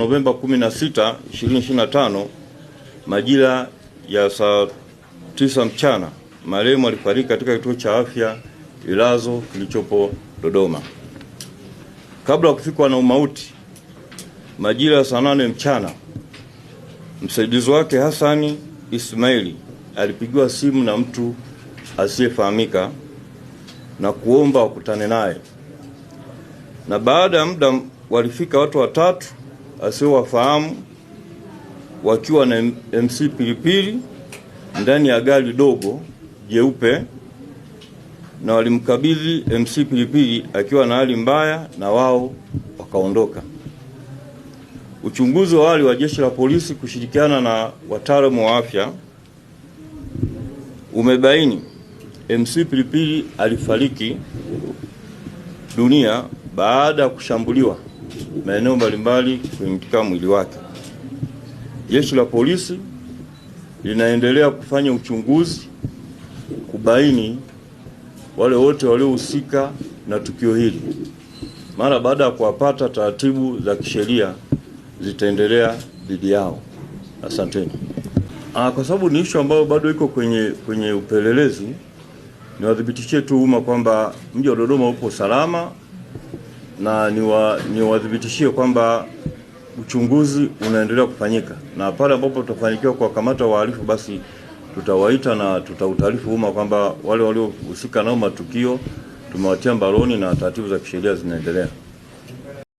Novemba 16, 2025 majira ya saa tisa mchana marehemu alifariki katika kituo cha afya Ilazo kilichopo Dodoma. Kabla ya kufikwa na umauti majira ya saa nane mchana msaidizi wake Hasani Ismaili alipigiwa simu na mtu asiyefahamika na kuomba wakutane naye, na baada ya muda walifika watu watatu asiowafahamu wakiwa na MC Pilipili ndani ya gari dogo jeupe na walimkabidhi MC Pilipili akiwa na hali mbaya na wao wakaondoka. Uchunguzi wa awali wa Jeshi la Polisi kushirikiana na wataalamu wa afya umebaini MC Pilipili alifariki dunia baada ya kushambuliwa maeneo mbalimbali katika mwili wake. Jeshi la polisi linaendelea kufanya uchunguzi kubaini wale wote waliohusika na tukio hili. Mara baada ya kuwapata, taratibu za kisheria zitaendelea dhidi yao. Asanteni. Ah, kwa sababu ni ishu ambayo bado iko kwenye, kwenye upelelezi, niwathibitishie tu umma kwamba mji wa Dodoma upo salama na niwathibitishie wa, ni kwamba uchunguzi unaendelea kufanyika na pale ambapo tutafanikiwa kuwakamata wahalifu basi tutawaita na tutautaarifu umma kwamba wale waliohusika nao matukio tumewatia mbaroni na taratibu za kisheria zinaendelea.